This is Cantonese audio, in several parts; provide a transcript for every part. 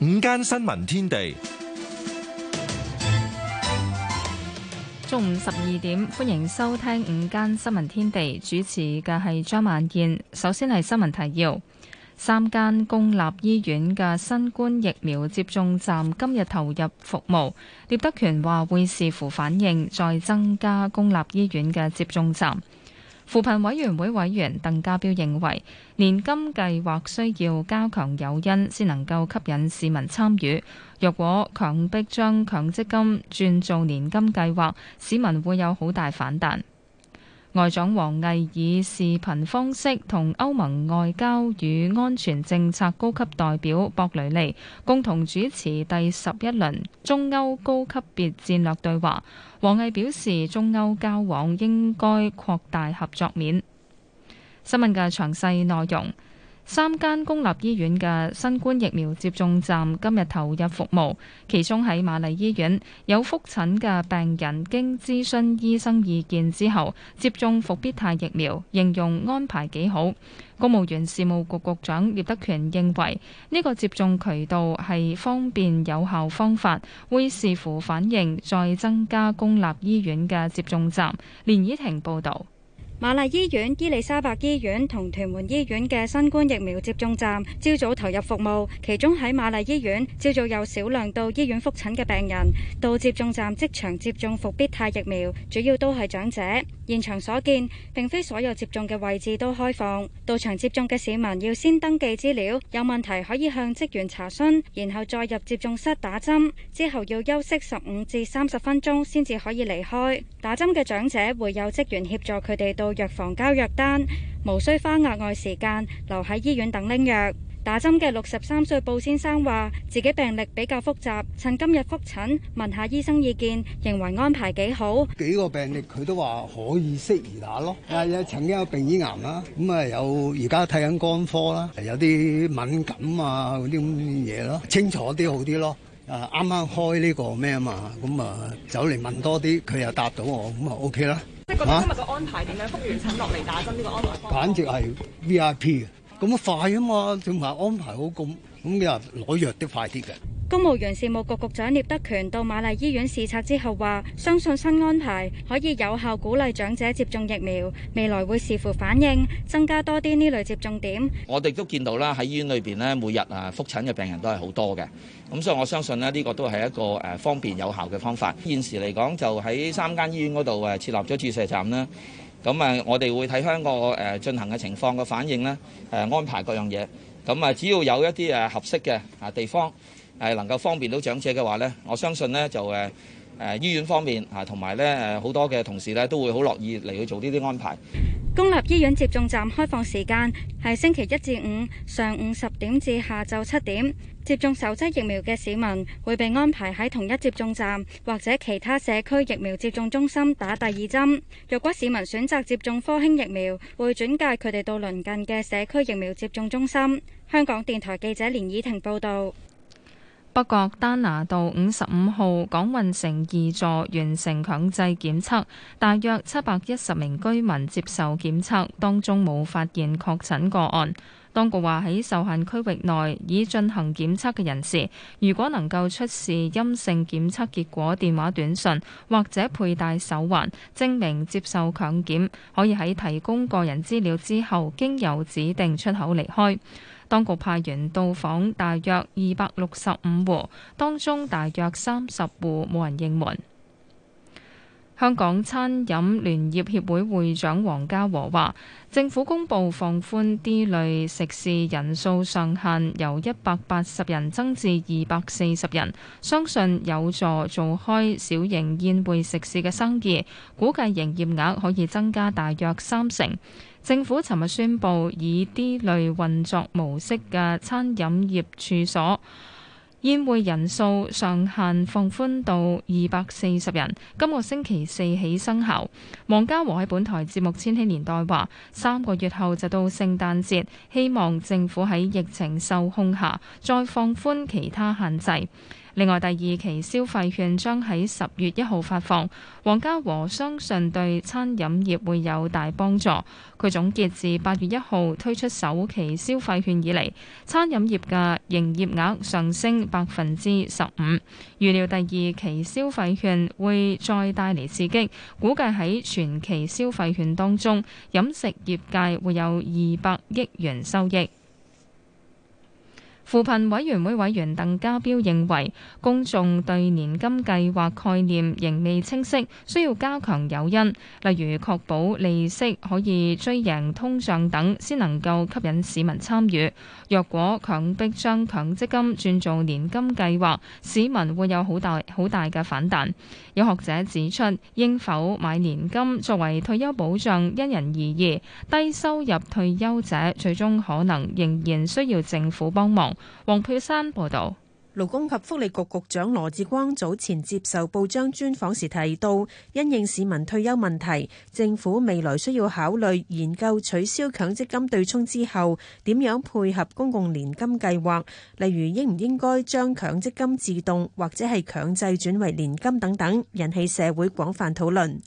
午間新聞天地，中午十二點，歡迎收聽午間新聞天地。主持嘅係張萬燕。首先係新聞提要：三間公立醫院嘅新冠疫苗接種站今日投入服務。聶德權話會視乎反應，再增加公立醫院嘅接種站。扶貧委員會委員鄧家彪認為，年金計劃需要加強誘因，先能夠吸引市民參與。若果強迫將強積金轉做年金計劃，市民會有好大反彈。外長王毅以視頻方式同歐盟外交與安全政策高級代表博雷利共同主持第十一輪中歐高級別戰略對話。王毅表示，中歐交往應該擴大合作面。新聞嘅詳細內容。三間公立醫院嘅新冠疫苗接種站今日投入服務，其中喺瑪麗醫院，有覆診嘅病人經諮詢醫生意見之後，接種復必泰疫苗，形容安排幾好。公務員事務局局長葉德權認為呢個接種渠道係方便有效方法，會視乎反應再增加公立醫院嘅接種站。連以婷報導。瑪麗醫院、伊利沙白醫院同屯門醫院嘅新冠疫苗接種站，朝早投入服務。其中喺瑪麗醫院，朝早有少量到醫院復診嘅病人到接種站即場接種復必泰疫苗，主要都係長者。現場所見，並非所有接種嘅位置都開放。到場接種嘅市民要先登記資料，有問題可以向職員查詢，然後再入接種室打針。之後要休息十五至三十分鐘先至可以離開。打針嘅長者會有職員協助佢哋到。到藥房交藥單，無需花額外時間留喺醫院等拎藥。打針嘅六十三歲布先生話，自己病歷比較複雜，趁今日復診問下醫生意見，認為安排幾好。幾個病歷佢都話可以適宜打咯。啊，有曾經有鼻咽癌啦，咁啊有而家睇緊肝科啦，有啲敏感啊嗰啲咁嘢咯，清楚啲好啲咯。啊，啱啱開呢個咩啊嘛，咁啊走嚟問多啲，佢又答到我，咁啊 OK 啦。即係今日嘅安排點樣？復、啊、完診落嚟打針呢個安排方，簡直係 V I P 啊！咁啊快啊嘛，仲埋安排好咁。咁你話攞藥都快啲嘅。公務員事務局局長聶德權到瑪麗醫院視察之後話，相信新安排可以有效鼓勵長者接種疫苗，未來會視乎反應，增加多啲呢類接種點。我哋都見到啦，喺醫院裏邊呢，每日啊複診嘅病人都係好多嘅。咁所以我相信咧，呢個都係一個誒方便有效嘅方法。現時嚟講，就喺三間醫院嗰度誒設立咗注射站啦。咁啊，我哋會睇香港誒進行嘅情況嘅反應咧，誒安排各樣嘢。咁啊，只要有一啲誒合適嘅啊地方，誒能夠方便到長者嘅話咧，我相信咧就誒誒、呃、醫院方面啊，同埋咧誒好多嘅同事咧，都會好樂意嚟去做呢啲安排。公立醫院接種站開放時間係星期一至五上午十點至下晝七點。接種首劑疫苗嘅市民會被安排喺同一接種站或者其他社區疫苗接種中心打第二針。若果市民選擇接種科興疫苗，會轉介佢哋到鄰近嘅社區疫苗接種中心。香港電台記者連以婷報道。北角丹拿道五十五號港運城二座完成強制檢測，大約七百一十名居民接受檢測，當中冇發現確診個案。當局話，喺受限區域內已進行檢測嘅人士，如果能夠出示陰性檢測結果、電話短訊或者佩戴手環，證明接受強檢，可以喺提供個人資料之後經由指定出口離開。當局派員到訪大約二百六十五戶，當中大約三十戶冇人應門。香港餐飲聯業協會會長黃家和話，政府公布放寬啲類食肆人數上限，由一百八十人增至二百四十人，相信有助做開小型宴會食肆嘅生意，估計營業額可以增加大約三成。政府尋日宣布，以 D 類運作模式嘅餐飲業處所宴會人數上限放寬到二百四十人，今個星期四起生效。王家和喺本台節目《千禧年代》話：三個月後就到聖誕節，希望政府喺疫情受控下，再放寬其他限制。另外，第二期消費券將喺十月一號發放。黃家和相信對餐飲業會有大幫助。佢總結自八月一號推出首期消費券以嚟，餐飲業嘅營業額上升百分之十五。預料第二期消費券會再帶嚟刺激，估計喺全期消費券當中，飲食業界會有二百億元收益。扶貧委員會委員鄧家彪認為，公眾對年金計劃概念仍未清晰，需要加強誘因，例如確保利息可以追贏通脹等，先能夠吸引市民參與。若果強迫將強積金轉做年金計劃，市民會有好大好大嘅反彈。有學者指出，應否買年金作為退休保障，因人而異。低收入退休者最終可能仍然需要政府幫忙。黃佩珊報道，勞工及福利局局長羅志光早前接受報章專訪時提到，因應市民退休問題，政府未來需要考慮研究取消強積金對沖之後，點樣配合公共年金計劃，例如應唔應該將強積金自動或者係強制轉為年金等等，引起社會廣泛討論。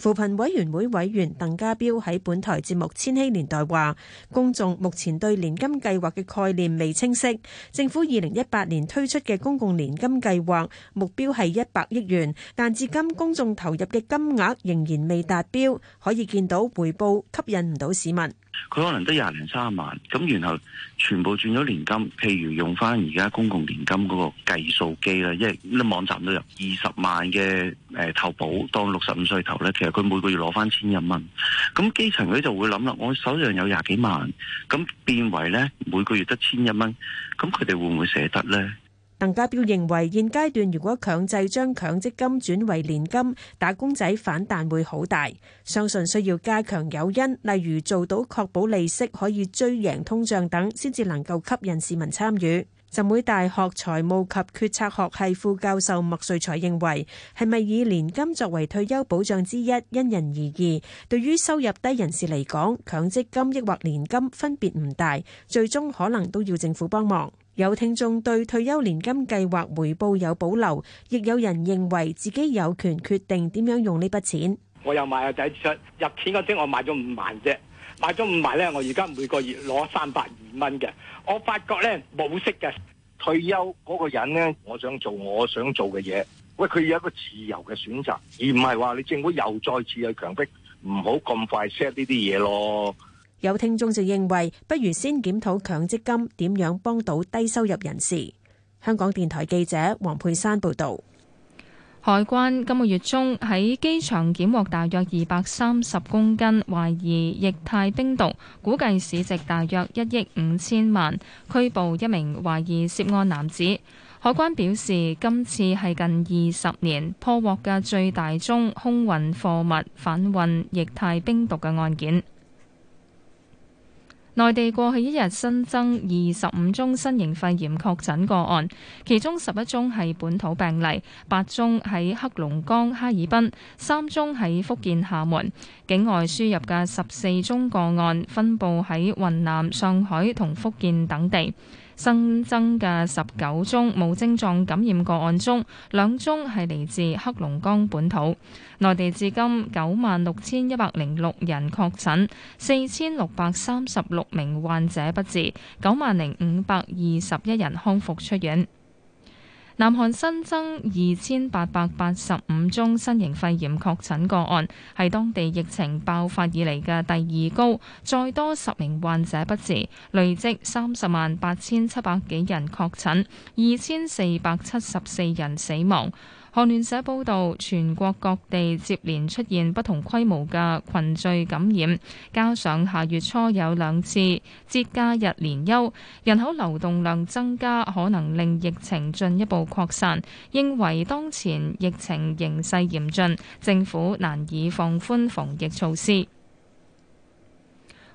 扶貧委員會委員鄧家彪喺本台節目《千禧年代》話：公眾目前對年金計劃嘅概念未清晰。政府二零一八年推出嘅公共年金計劃目標係一百億元，但至今公眾投入嘅金額仍然未達標，可以見到回報吸引唔到市民。佢可能得廿零三萬咁，然後全部轉咗年金，譬如用翻而家公共年金嗰個計數機啦，因為啲網站都有二十萬嘅誒投保，當六十五歲投咧，其實。佢每個月攞翻千一蚊，咁基層佢就會諗啦。「我手上有廿幾萬，咁變為咧每個月得千一蚊，咁佢哋會唔會捨得呢？」鄧家彪認為，現階段如果強制將強積金轉為年金，打工仔反彈會好大，相信需要加強誘因，例如做到確保利息可以追贏通脹等，先至能夠吸引市民參與。浸會大學財務及決策學系副教授麥瑞才認為，係咪以年金作為退休保障之一，因人而異。對於收入低人士嚟講，強積金抑或年金分別唔大，最終可能都要政府幫忙。有聽眾對退休年金計劃回報有保留，亦有人認為自己有權決定點樣用呢筆錢。我有買啊，出，入錢嗰陣我買咗五萬啫。買咗五萬咧，我而家每個月攞三百二蚊嘅。我發覺咧冇息嘅退休嗰個人咧，我想做我想做嘅嘢。喂，佢有一個自由嘅選擇，而唔係話你政府又再次去強迫唔好咁快 set 呢啲嘢咯。有聽眾就認為，不如先檢討強積金點樣幫到低收入人士。香港電台記者黃佩珊報導。海關今個月中喺機場檢獲大約二百三十公斤懷疑液態冰毒，估計市值大約一億五千萬，拘捕一名懷疑涉案男子。海關表示，今次係近二十年破獲嘅最大宗空運貨物販運液態冰毒嘅案件。內地過去一日新增二十五宗新型肺炎確診個案，其中十一宗係本土病例，八宗喺黑龍江、哈爾濱，三宗喺福建廈門。境外輸入嘅十四宗個案分佈喺雲南、上海同福建等地。新增嘅十九宗無症狀感染個案中，兩宗係嚟自黑龍江本土。內地至今九萬六千一百零六人確診，四千六百三十六名患者不治，九萬零五百二十一人康復出院。南韓新增二千八百八十五宗新型肺炎確診個案，係當地疫情爆發以嚟嘅第二高，再多十名患者不治，累積三十萬八千七百幾人確診，二千四百七十四人死亡。《韓聯社》報道，全國各地接連出現不同規模嘅群聚感染，加上下月初有兩次節假日連休，人口流動量增加，可能令疫情進一步擴散。認為當前疫情形勢嚴峻，政府難以放寬防疫措施。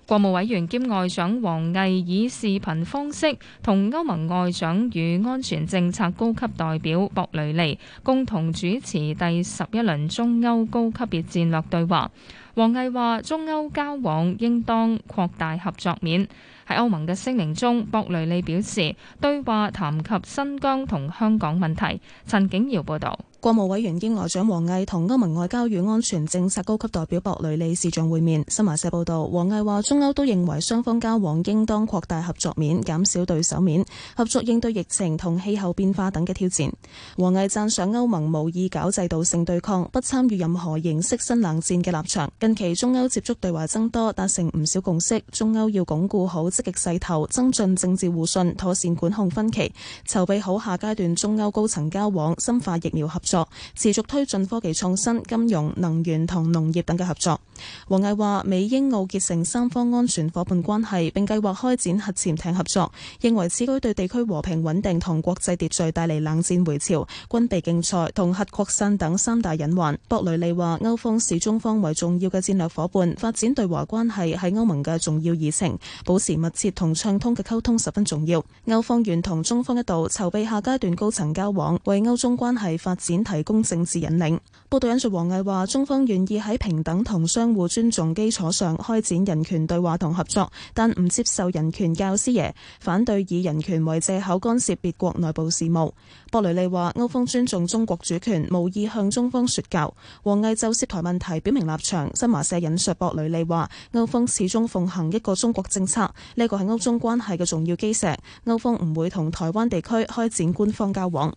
國務委員兼外長王毅以視頻方式同歐盟外長與安全政策高級代表博雷利共同主持第十一輪中歐高級別戰略對話。王毅話：中歐交往應當擴大合作面。喺歐盟嘅聲明中，博雷利表示對話談及新疆同香港問題。陳景堯報道。國務委員兼外長王毅同歐盟外交與安全政策高級代表博雷利視像會面。新華社報道，王毅話中歐都認為雙方交往應當擴大合作面，減少對手面，合作應對疫情同氣候變化等嘅挑戰。王毅贊賞歐盟無意搞制度性對抗，不參與任何形式新冷戰嘅立場。近期中歐接觸對話增多，達成唔少共識。中歐要鞏固好積極勢頭，增進政治互信，妥善管控分歧，籌備好下階段中歐高層交往，深化疫苗合作。持續推進科技創新、金融、能源同農業等嘅合作。王毅話：美英澳結成三方安全夥伴關係，並計劃開展核潛艇合作，認為此舉對地區和平穩定同國際秩序帶嚟冷戰回潮、軍備競賽同核擴散等三大隱患。博雷利話：歐方視中方為重要嘅戰略夥伴，發展對華關係係歐盟嘅重要議程，保持密切同暢通嘅溝通十分重要。歐方願同中方一道籌備下階段高層交往，為歐中關係發展，提供政治引領。報道引述王毅話：中方願意喺平等同相互尊重基礎上開展人權對話同合作，但唔接受人權教師爺，反對以人權為借口干涉別國內部事務。博雷利話：歐方尊重中國主權，無意向中方說教。王毅就涉台問題表明立場。新華社引述博雷利話：歐方始終奉行一個中國政策，呢個係歐中關係嘅重要基石。歐方唔會同台灣地區開展官方交往。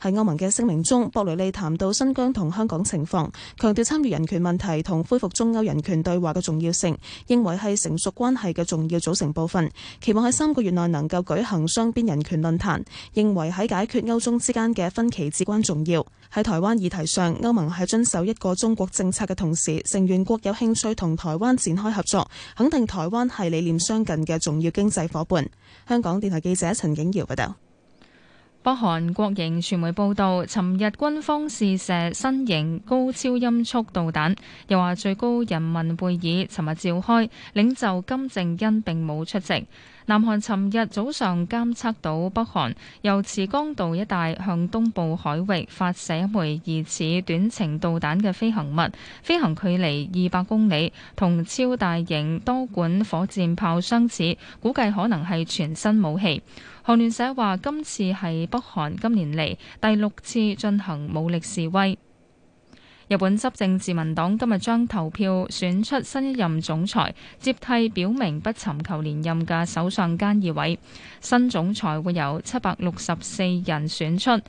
喺歐盟嘅聲明中，博雷利談到新疆同香港情況，強調參與人權問題同恢復中歐人權對話嘅重要性，認為係成熟關係嘅重要組成部分，期望喺三個月內能夠舉行雙邊人權論壇，認為喺解決歐中之間嘅分歧至關重要。喺台灣議題上，歐盟喺遵守一個中國政策嘅同時，成員國有興趣同台灣展開合作，肯定台灣係理念相近嘅重要經濟伙伴。香港電台記者陳景堯報道。北韓國營傳媒報道，尋日軍方試射新型高超音速導彈，又話最高人民會議尋日召開，領袖金正恩並冇出席。南韓尋日早上監測到北韓由慈江道一帶向東部海域發射一枚疑似短程導彈嘅飛行物，飛行距離二百公里，同超大型多管火箭炮相似，估計可能係全新武器。韓聯社話：今次係北韓今年嚟第六次進行武力示威。日本執政自民黨今日將投票選出新一任總裁，接替表明不尋求連任嘅首相菅義偉。新總裁會有七百六十四人選出。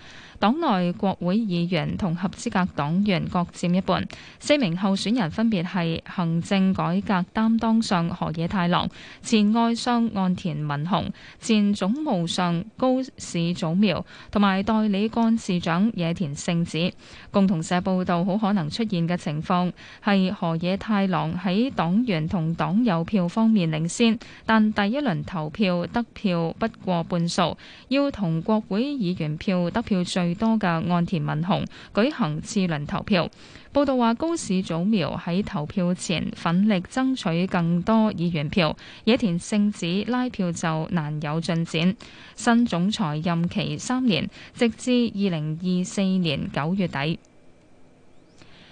黨內國會議員同合資格黨員各佔一半。四名候選人分別係行政改革擔當相河野太郎、前外相岸田文雄、前總務相高市早苗同埋代理幹事長野田聖子。共同社報道，好可能出現嘅情況係河野太郎喺黨員同黨友票方面領先，但第一輪投票得票不過半數，要同國會議員票得票最多嘅岸田文雄舉行次輪投票。報道話高市早苗喺投票前奮力爭取更多議員票，野田聖子拉票就難有進展。新總裁任期三年，直至二零二四年九月底。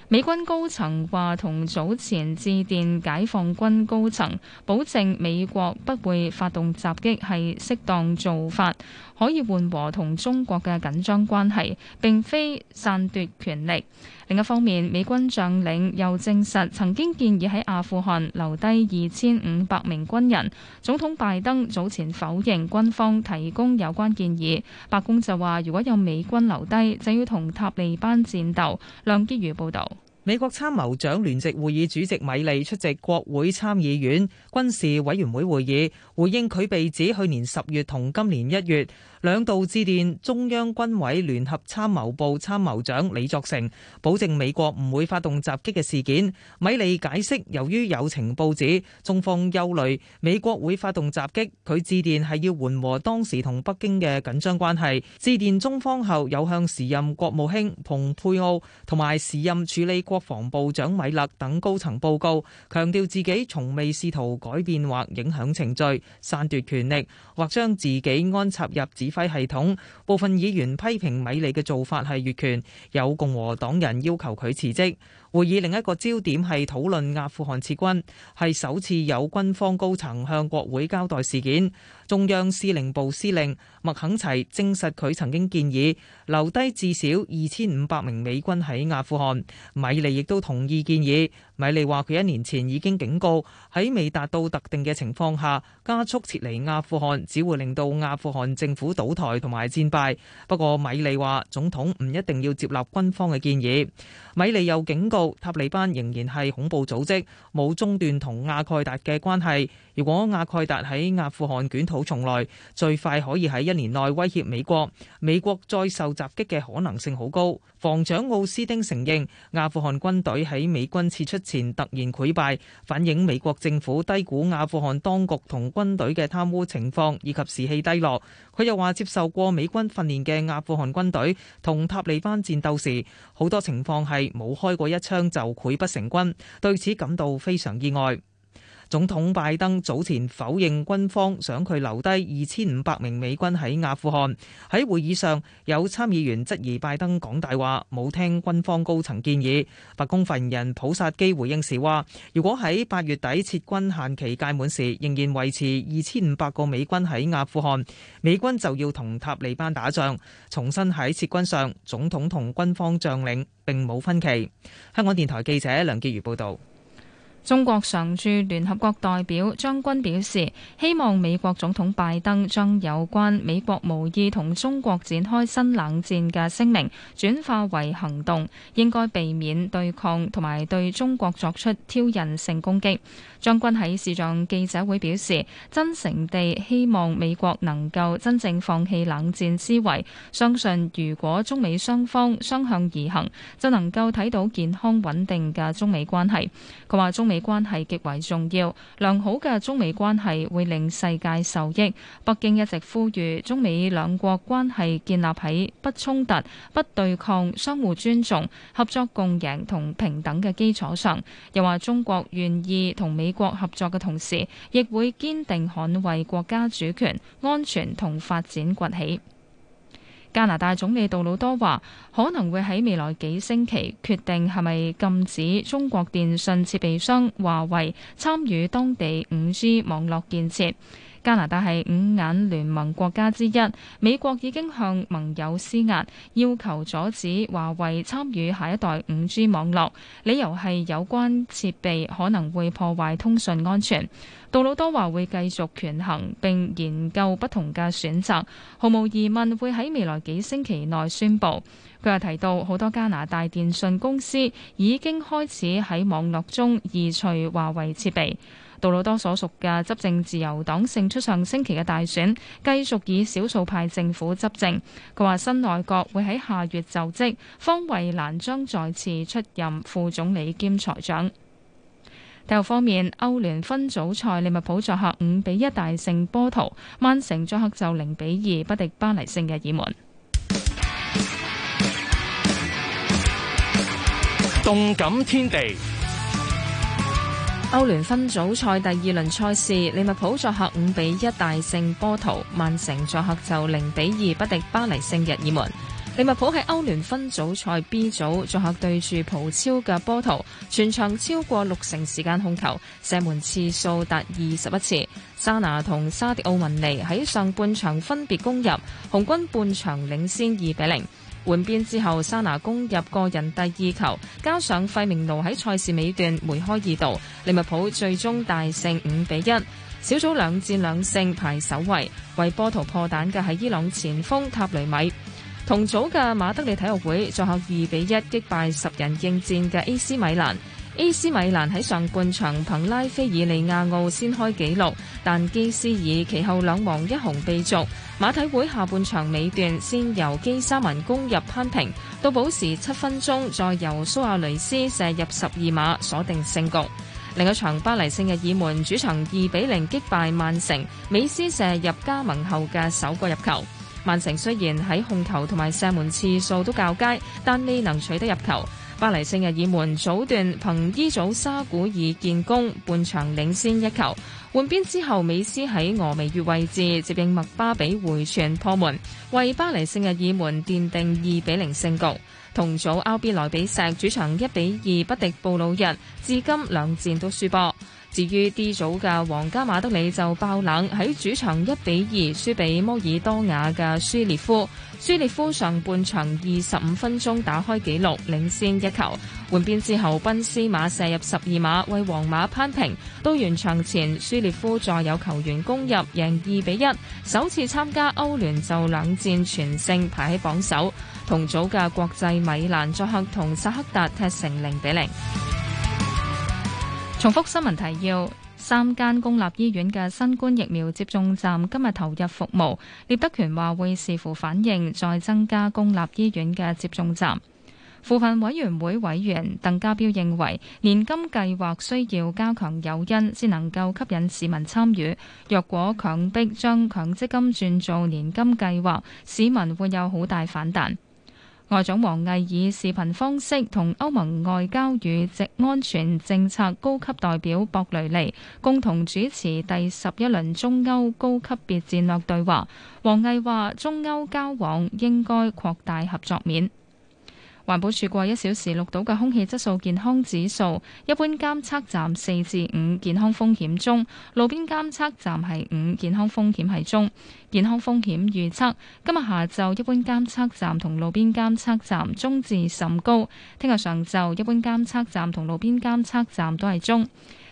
美軍高層話同早前致電解放軍高層，保證美國不會發動襲擊，係適當做法。可以緩和同中國嘅緊張關係，並非篡奪權力。另一方面，美軍將領又證實曾經建議喺阿富汗留低二千五百名軍人。總統拜登早前否認軍方提供有關建議，白宮就話如果有美軍留低，就要同塔利班戰鬥。梁潔如報導，美國參謀長聯席會議主席米利出席國會參議院軍事委員會會議，回應佢被指去年十月同今年一月，兩度致電中央軍委聯合參謀部參謀長李作成，保證美國唔會發動襲擊嘅事件。米利解釋，由於有情報指中方憂慮，美國會發動襲擊。佢致電係要緩和當時同北京嘅緊張關係。致電中方後，有向時任國務卿蓬佩奧同埋時任處理國防部長米勒等高層報告，強調自己從未試圖改變或影響程序、散奪權力，或將自己安插入指費系統，部分議員批評米利嘅做法係越權，有共和黨人要求佢辭職。會議另一個焦點係討論阿富汗撤軍，係首次有軍方高層向國會交代事件。中央司令部司令麥肯齊證實佢曾經建議留低至少二千五百名美軍喺阿富汗。米利亦都同意建議。米利話佢一年前已經警告，喺未達到特定嘅情況下加速撤離阿富汗，只會令到阿富汗政府倒台同埋戰敗。不過米利話總統唔一定要接納軍方嘅建議。米利又警告，塔利班仍然係恐怖組織，冇中斷同阿蓋達嘅關係。如果阿蓋達喺阿富汗捲土重來，最快可以喺一年內威脅美國。美國再受襲擊嘅可能性好高。防長奧斯丁承認，阿富汗軍隊喺美軍撤出前突然潰敗，反映美國政府低估阿富汗當局同軍隊嘅貪污情況以及士氣低落。佢又話，接受過美軍訓練嘅阿富汗軍隊同塔利班戰鬥時，好多情況係冇開過一槍就潰不成軍，對此感到非常意外。總統拜登早前否認軍方想佢留低二千五百名美軍喺阿富汗。喺會議上，有參議員質疑拜登講大話，冇聽軍方高層建議。白宮發言人普薩基回應時話，如果喺八月底撤軍限期屆滿時，仍然維持二千五百個美軍喺阿富汗，美軍就要同塔利班打仗。重新喺撤軍上，總統同軍方將領並冇分歧。香港電台記者梁潔如報導。中國常駐聯合國代表張軍表示，希望美國總統拜登將有關美國無意同中國展開新冷戰嘅聲明轉化為行動，應該避免對抗同埋對中國作出挑釁性攻擊。張軍喺視像記者會表示，真誠地希望美國能夠真正放棄冷戰思維，相信如果中美雙方相向而行，就能夠睇到健康穩定嘅中美關係。佢話中美美關係極為重要，良好嘅中美關係會令世界受益。北京一直呼籲中美兩國關係建立喺不衝突、不對抗、相互尊重、合作共贏同平等嘅基礎上。又話中國願意同美國合作嘅同時，亦會堅定捍衛國家主權、安全同發展崛起。加拿大總理杜魯多話可能會喺未來幾星期決定係咪禁止中國電信設備商華為參與當地五 G 網絡建設。加拿大係五眼聯盟國家之一，美國已經向盟友施壓，要求阻止華為參與下一代 5G 網絡，理由係有關設備可能會破壞通訊安全。杜魯多話會繼續權衡並研究不同嘅選擇，毫無疑問會喺未來幾星期內宣布。佢又提到，好多加拿大電訊公司已經開始喺網絡中移除華為設備。杜魯多所屬嘅執政自由黨勝出上星期嘅大選，繼續以少數派政府執政。佢話新內閣會喺下月就職，方惠蘭將再次出任副總理兼財長。體育方面，歐聯分組賽利物浦作客五比一大勝波圖，曼城作客就零比二不敵巴黎聖日爾門。動感天地。歐聯分組賽第二輪賽事，利物浦作客五比一大勝波圖，曼城作客就零比二不敵巴黎聖日耳門。利物浦喺歐聯分組賽 B 組作客對住葡超嘅波圖，全場超過六成時間控球，射門次數達二十一次。沙拿同沙迪奧文尼喺上半場分別攻入，紅軍半場領先二比零。換邊之後，沙拿攻入個人第二球，加上費明奴喺賽事尾段梅開二度，利物浦最終大勝五比一，小組兩戰兩勝排首位。為波圖破蛋嘅係伊朗前鋒塔雷米。同組嘅馬德里體育會最後二比一擊敗十人應戰嘅 AC 米蘭。AC 米蘭喺上半場憑拉菲爾利亞奧先開紀錄，但基斯爾其後兩黃一紅被逐。馬體會下半場尾段先由基沙文攻入扳平，到補時七分鐘再由蘇亞雷斯射入十二碼鎖定勝局。另一場巴黎聖日耳門主場二比零擊敗曼城，美斯射入加盟後嘅首個入球。曼城雖然喺控球同埋射門次數都較佳，但未能取得入球。巴黎聖日耳門早段憑伊祖沙古爾建功，半場領先一球。換邊之後，美斯喺俄美越位置接應麥巴比回傳破門，為巴黎聖日耳門奠定二比零勝局。同組 RB 萊比錫主場一比二不敵布魯日，至今兩戰都輸波。至於 D 組嘅皇家馬德里就爆冷喺主場一比二輸俾摩爾多瓦嘅舒列夫。舒列夫上半場二十五分鐘打開紀錄，領先一球。換邊之後，賓斯馬射入十二碼，為皇馬攀平。到完場前，舒列夫再有球員攻入，贏二比一。首次參加歐聯就兩戰全勝，排喺榜首。同組嘅國際米蘭作客同薩克達踢成零比零。重複新聞提要：三間公立醫院嘅新冠疫苗接種站今日投入服務。聶德權話會視乎反應，再增加公立醫院嘅接種站。扶貧委員會委員鄧家彪認為，年金計劃需要加強誘因，先能夠吸引市民參與。若果強迫將強積金轉做年金計劃，市民會有好大反彈。外長王毅以視頻方式同歐盟外交與直安全政策高級代表博雷利共同主持第十一輪中歐高級別戰略對話。王毅話：中歐交往應該擴大合作面。環保處過一小時錄到嘅空氣質素健康指數，一般監測站四至五，健康風險中；路邊監測站係五，健康風險係中。健康風險預測今日下晝一般監測站同路邊監測站中至甚高，聽日上晝一般監測站同路邊監測站都係中。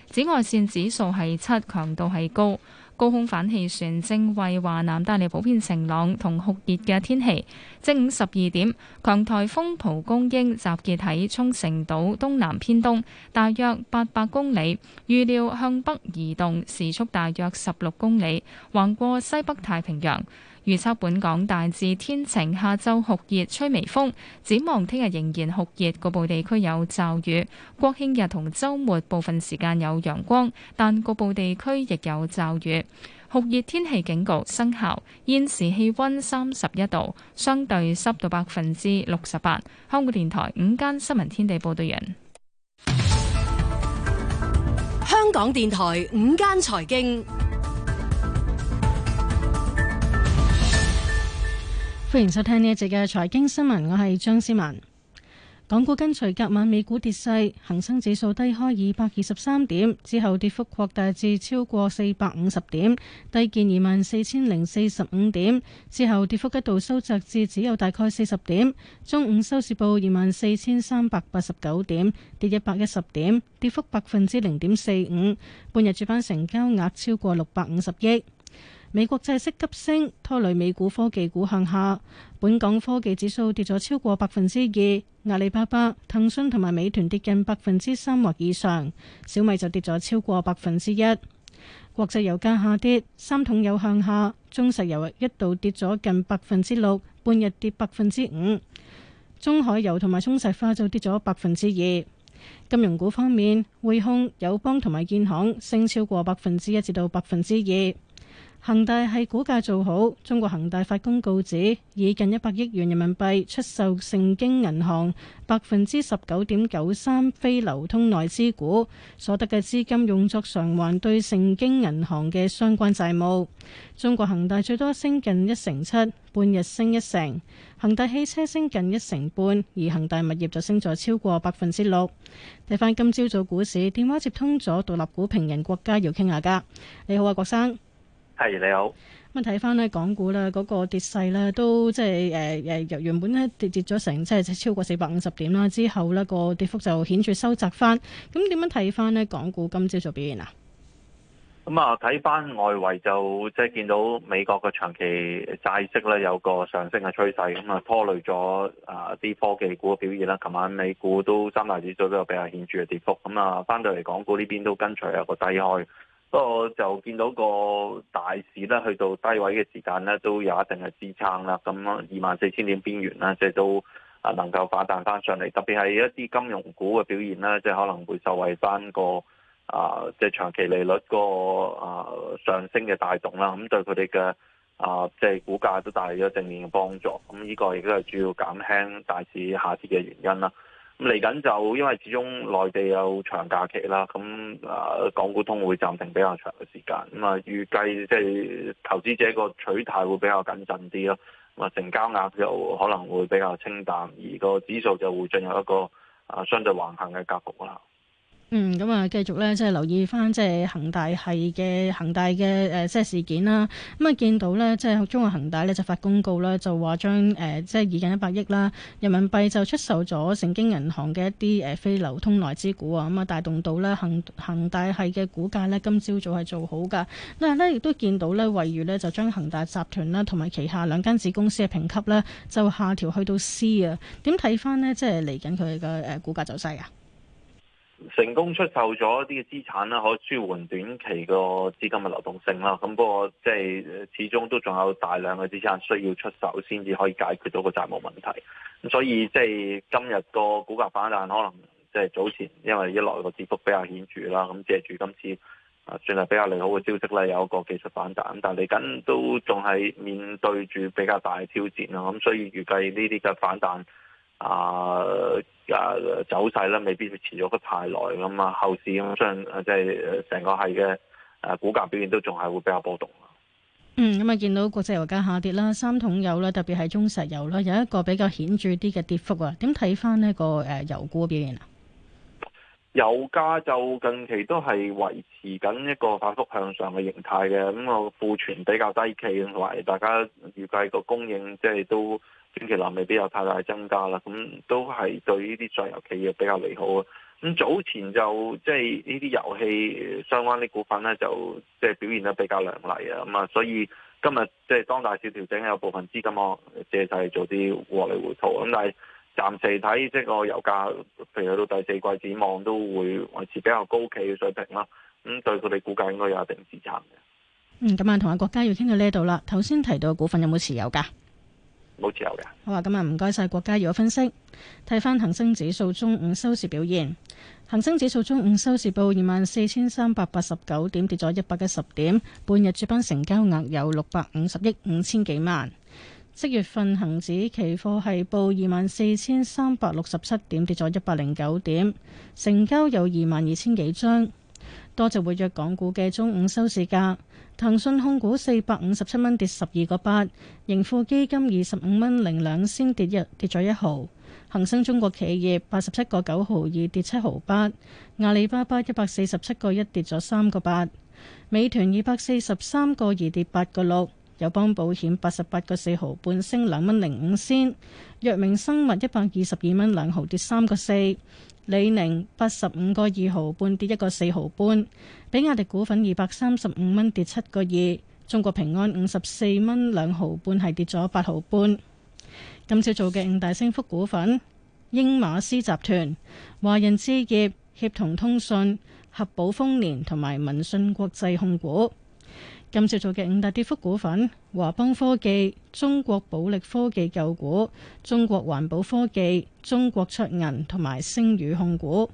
紫外線指數係七，強度係高。高空反氣旋正為華南帶嚟普遍晴朗同酷熱嘅天氣。正午十二點，強颱風蒲公英集結喺沖繩島東南偏東，大約八百公里，預料向北移動，時速大約十六公里，橫過西北太平洋。預測本港大致天晴，下晝酷熱，吹微風。展望聽日仍然酷熱，局部地區有驟雨。國慶日同周末部分時間有陽光，但局部地區亦有驟雨。酷熱天氣警告生效。現時氣温三十一度，相對濕度百分之六十八。香港電台午間新聞天地報道完。香港電台午間財經。歡迎收聽呢一節嘅財經新聞，我係張思文。港股跟隨隔晚美股跌勢，恒生指數低開二百二十三點，之後跌幅擴大至超過四百五十點，低見二萬四千零四十五點，之後跌幅一度收窄至只有大概四十點。中午收市報二萬四千三百八十九點，跌一百一十點，跌幅百分之零點四五。半日主板成交額超過六百五十億。美國債息急升，拖累美股科技股向下。本港科技指數跌咗超過百分之二，阿里巴巴、騰訊同埋美團跌近百分之三或以上，小米就跌咗超過百分之一。國際油價下跌，三桶油向下，中石油一度跌咗近百分之六，半日跌百分之五。中海油同埋中石化就跌咗百分之二。金融股方面，匯控、友邦同埋建行升超過百分之一至到百分之二。恒大系股價做好，中國恆大發公告指，以近一百億元人民幣出售盛京銀行百分之十九點九三非流通內資股，所得嘅資金用作償還對盛京銀行嘅相關債務。中國恆大最多升近一成七，半日升一成。恆大汽車升近一成半，而恆大物業就升咗超過百分之六。睇返，今朝早股市，電話接通咗獨立股評人郭家耀，要傾下噶。你好啊，郭生。係、hey, 你好，咁啊睇翻咧港股咧嗰個跌勢咧都即係誒誒，由、呃、原本咧跌跌咗成即係超過四百五十點啦，之後呢個跌幅就顯著收窄翻。咁點樣睇翻咧港股今朝做表現啊？咁啊睇翻外圍就即係見到美國嘅長期債息咧有個上升嘅趨勢，咁啊拖累咗啊啲科技股嘅表現啦。琴晚美股都三大指數都比較顯著嘅跌幅，咁啊翻到嚟港股呢邊都跟隨有個低開。不過就見到個大市咧，去到低位嘅時間咧，都有一定嘅支撐啦。咁二萬四千點邊緣啦，即係都啊能夠反彈翻上嚟。特別係一啲金融股嘅表現啦，即係可能會受惠翻個啊，即係長期利率個啊上升嘅帶動啦。咁對佢哋嘅啊，即係股價都帶嚟咗正面嘅幫助。咁呢個亦都係主要減輕大市下跌嘅原因啦。嚟緊就因為始終內地有長假期啦，咁啊、呃、港股通會暫停比較長嘅時間，咁啊預計即係投資者個取態會比較謹慎啲咯，啊成交額就可能會比較清淡，而個指數就會進入一個啊、呃、相對橫行嘅格局啦。嗯，咁、嗯、啊，繼續咧，即係留意翻即係恒大系嘅恒大嘅誒、呃，即係事件啦。咁、嗯、啊，見到呢，即係中國恒大呢，就發公告啦，就話將誒、呃、即係已近一百億啦，人民幣就出售咗盛京銀行嘅一啲誒、呃、非流通內資股啊。咁、嗯、啊，帶動到呢，恒恒大系嘅股價呢，今朝早係做好㗎。但係呢，亦都見到呢，惠譽呢，就將恒大集團啦同埋旗下兩間子公司嘅評級呢，就下調去到 C 啊。點睇翻呢？即係嚟緊佢嘅誒股價走勢啊？成功出售咗一啲嘅資產啦，可以舒緩短期個資金嘅流動性啦。咁不過即係始終都仲有大量嘅資產需要出售，先至可以解決到個債務問題。咁所以即係今日個股價反彈，可能即係早前因為一來個跌幅比較顯著啦，咁借住今次啊算係比較利好嘅消息咧，有一個技術反彈。但係嚟緊都仲係面對住比較大嘅挑戰啦。咁所以預計呢啲嘅反彈，啊，啊走勢咧，未必會持續得太耐噶嘛，後市咁相即係成個係嘅誒股價表現都仲係會比較波動。嗯，咁、嗯、啊見到國際油價下跌啦，三桶油啦，特別係中石油啦，有一個比較顯著啲嘅跌幅啊。點睇翻呢個誒油股表現啊？油價就近期都係維持緊一個反覆向上嘅形態嘅，咁、嗯、啊庫存比較低企，同埋大家預計個供應即係都，短期內未必有太大增加啦，咁都係對呢啲上游企業比較利好啊。咁早前就即係呢啲油氣相關啲股份咧，就即係表現得比較良麗啊。咁啊，所以今日即係當大市調整有部分資金啊借勢做啲獲利回吐。咁但係暫時睇即係個油價，譬如去到第四季展望都會維持比較高企嘅水平啦。咁對佢哋估價應該有一定程度嘅。嗯，咁啊，同阿郭家耀傾到呢度啦。頭先提到嘅股份有冇持有㗎？冇自由嘅。好啊，哦，今日唔該晒，國家宇嘅分析。睇返恒生指數中午收市表現，恒生指數中午收市報二萬四千三百八十九點，跌咗一百一十點。半日主板成交額有六百五十億五千幾萬。即月份恒指期貨係報二萬四千三百六十七點，跌咗一百零九點，成交有二萬二千幾張。多謝活躍港股嘅中午收市價。騰訊控股四百五十七蚊，跌十二個八；盈富基金二十五蚊零兩，先跌一跌咗一毫；恒生中國企業八十七個九毫二，跌七毫八；阿里巴巴一百四十七個一，跌咗三個八；美團二百四十三個二，跌八個六。友邦保險八十八個四毫半升兩蚊零五仙，藥明生物一百二十二蚊兩毫跌三個四，李寧八十五個二毫半跌一個四毫半，比亞迪股份二百三十五蚊跌七個二，中國平安五十四蚊兩毫半係跌咗八毫半。今朝做嘅五大升幅股份：英馬斯集團、華仁資業、協同通訊、合保豐年同埋民信國際控股。今朝做嘅五大跌幅股份：華邦科技、中國寶力科技舊股、中國環保科技、中國出銀同埋星宇控股。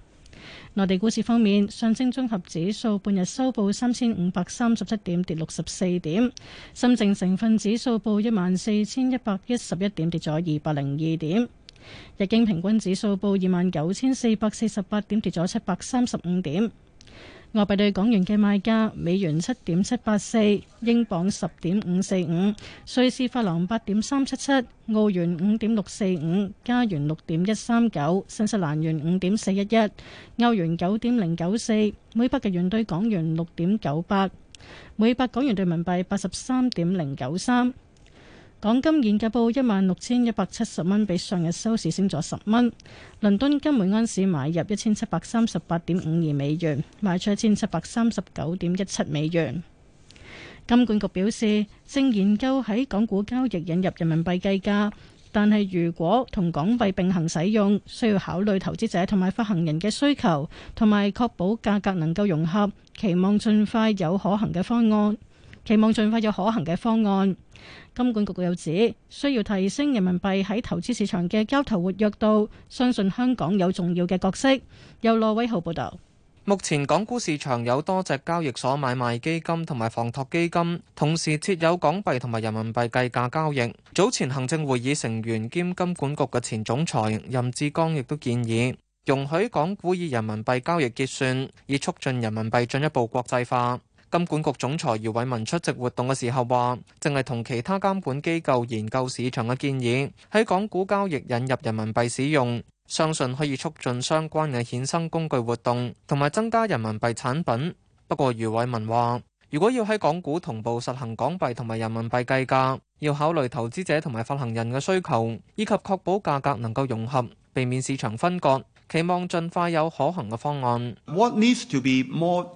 內地股市方面，上證綜合指數半日收報三千五百三十七點，跌六十四點；深證成分指數報一萬四千一百一十一點，跌咗二百零二點；日經平均指數報二萬九千四百四十八點，跌咗七百三十五點。外幣對港元嘅賣價：美元七點七八四，英鎊十點五四五，瑞士法郎八點三七七，澳元五點六四五，加元六點一三九，新西蘭元五點四一一，歐元九點零九四，每百日元對港元六點九八，每百港元兌人民幣八十三點零九三。港金現價報一萬六千一百七十蚊，比上日收市升咗十蚊。倫敦金每安士買入一千七百三十八點五二美元，賣出一千七百三十九點一七美元。金管局表示，正研究喺港股交易引入人民幣計價，但係如果同港幣並行使用，需要考慮投資者同埋發行人嘅需求，同埋確保價格能夠融合。期望盡快有可行嘅方案。期望盡快有可行嘅方案。金管局又指，需要提升人民幣喺投資市場嘅交投活躍度，相信香港有重要嘅角色。由羅偉豪報道。目前港股市場有多隻交易所買賣基金同埋房托基金，同時設有港幣同埋人民幣計價交易。早前行政會議成員兼金管局嘅前總裁任志剛亦都建議，容許港股以人民幣交易結算，以促進人民幣進一步國際化。金管局總裁余偉文出席活動嘅時候話，淨係同其他監管機構研究市場嘅建議，喺港股交易引入人民幣使用，相信可以促進相關嘅衍生工具活動，同埋增加人民幣產品。不過，余偉文話，如果要喺港股同步實行港幣同埋人民幣計價，要考慮投資者同埋發行人嘅需求，以及確保價格能夠融合，避免市場分割。期望盡快有可行嘅方案。What needs to be more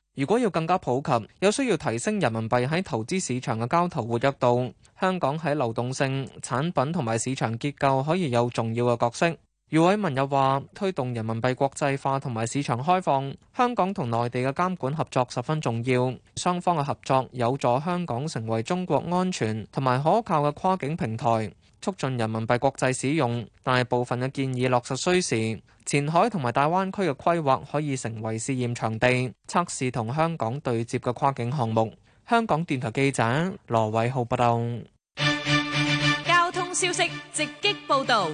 如果要更加普及，有需要提升人民幣喺投資市場嘅交投活躍度，香港喺流動性產品同埋市場結構可以有重要嘅角色。余偉文又話：推動人民幣國際化同埋市場開放，香港同內地嘅監管合作十分重要，雙方嘅合作有助香港成為中國安全同埋可靠嘅跨境平台。促進人民幣國際使用，大部分嘅建議落實需時。前海同埋大灣區嘅規劃可以成為試驗場地，測試同香港對接嘅跨境項目。香港電台記者羅偉浩報道。交通消息直擊報道。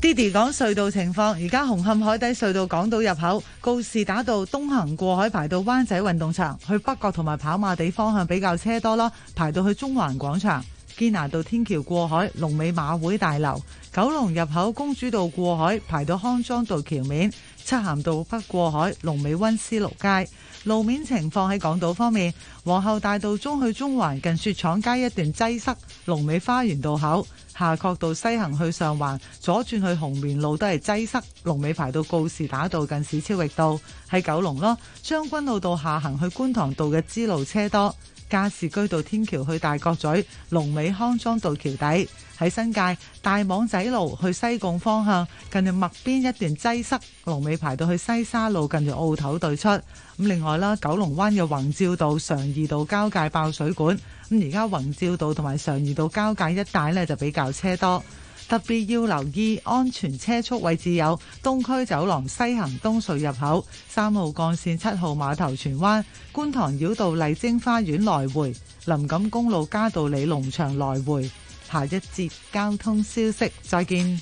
d i d y 講隧道情況，而家紅磡海底隧道港島入口告士打道東行過海排到灣仔運動場，去北角同埋跑馬地方向比較車多咯，排到去中環廣場。拿到堅拿道天橋過海，龍尾馬會大樓；九龍入口公主道過海，排到康莊道橋面；漆咸道北過海，龍尾溫思勞街。路面情況，喺港島方面，皇后大道中去中環近雪廠街一段擠塞；龍尾花園道口，夏慤道西行去上環左轉去紅棉路都係擠塞；龍尾排到告士打道近史超域道，喺九龍咯；將軍澳道下行去觀塘道嘅支路車多。加士居道天橋去大角咀，龍尾康莊道橋底。喺新界大網仔路去西貢方向，近住麥邊一段擠塞，龍尾排到去西沙路近住澳頭對出。咁另外啦，九龍灣嘅宏照道常怡道交界爆水管，咁而家宏照道同埋常怡道交界一帶呢，就比較車多。特別要留意安全車速位置有東區走廊西行東隧入口、三號幹線七號碼頭荃灣、觀塘繞道麗晶花園來回、林錦公路嘉道理農場來回。下一節交通消息，再見。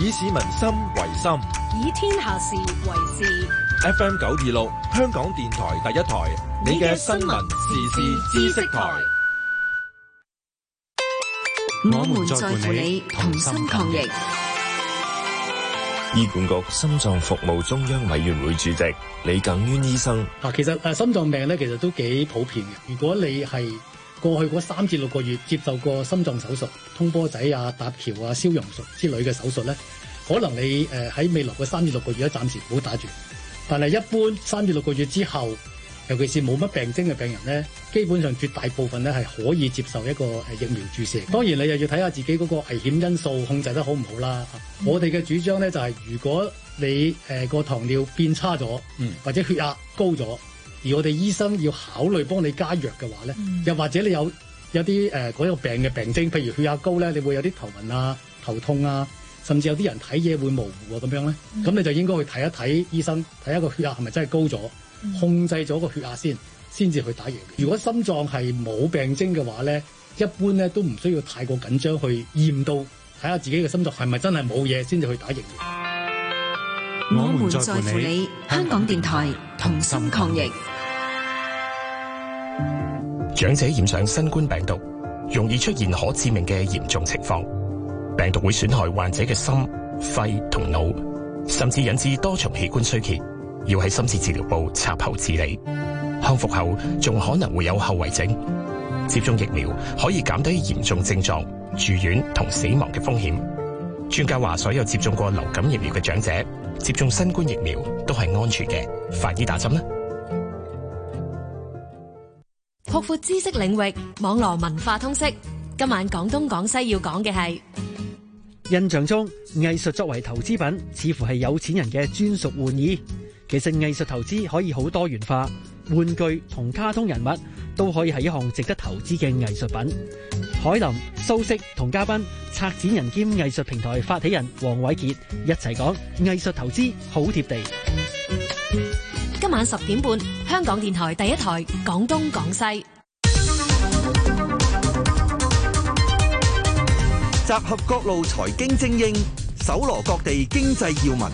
以市民心為心，以天下事為事。FM 九二六，香港電台第一台，你嘅新聞時事知識台。我們在乎你，同心抗疫。醫管局心臟服務中央委員會主席李耿淵醫生，嗱，其實誒心臟病咧，其實都幾普遍嘅。如果你係過去嗰三至六個月接受過心臟手術、通波仔啊、搭橋啊、消融術之類嘅手術咧，可能你誒喺未來嘅三至六個月，暫時唔好打住。但係一般三至六個月之後。尤其是冇乜病徵嘅病人咧，基本上絕大部分咧係可以接受一個誒疫苗注射。嗯、當然你又要睇下自己嗰個危險因素控制得好唔好啦。嗯、我哋嘅主張咧就係、是，如果你誒個、呃、糖尿變差咗，嗯、或者血壓高咗，而我哋醫生要考慮幫你加藥嘅話咧，嗯、又或者你有有啲誒嗰個病嘅病徵，譬如血壓高咧，你會有啲頭暈啊、頭痛啊，甚至有啲人睇嘢會模糊啊咁樣咧，咁、嗯嗯、你就應該去睇一睇醫生，睇一個血壓係咪真係高咗。控制咗個血壓先，先至去打疫苗。如果心臟係冇病徵嘅話咧，一般咧都唔需要太過緊張去驗到，睇下自己嘅心臟係咪真係冇嘢先至去打疫苗。我們在乎你，香港電台同心抗疫。長者染上新冠病毒，容易出現可致命嘅嚴重情況，病毒會損害患者嘅心、肺同腦，甚至引致多重器官衰竭。要喺深切治療部插喉治理，康復後仲可能會有後遺症。接種疫苗可以減低嚴重症狀、住院同死亡嘅風險。專家話，所有接種過流感疫苗嘅長者接種新冠疫苗都係安全嘅。快啲打針啦！擴闊知識領域，網絡文化通識。今晚講東講西要講嘅係印象中，藝術作為投資品，似乎係有錢人嘅專屬玩意。其實藝術投資可以好多元化，玩具同卡通人物都可以係一項值得投資嘅藝術品。海林、蘇軾同嘉賓策展人兼藝術平台發起人黃偉傑一齊講藝術投資好貼地。今晚十點半，香港電台第一台廣東廣西，集合各路財經精英，搜羅各地經濟要聞。